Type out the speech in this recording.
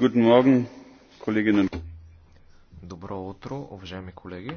Guten Morgen, Kolleginnen. Добро утро, уважаеми колеги.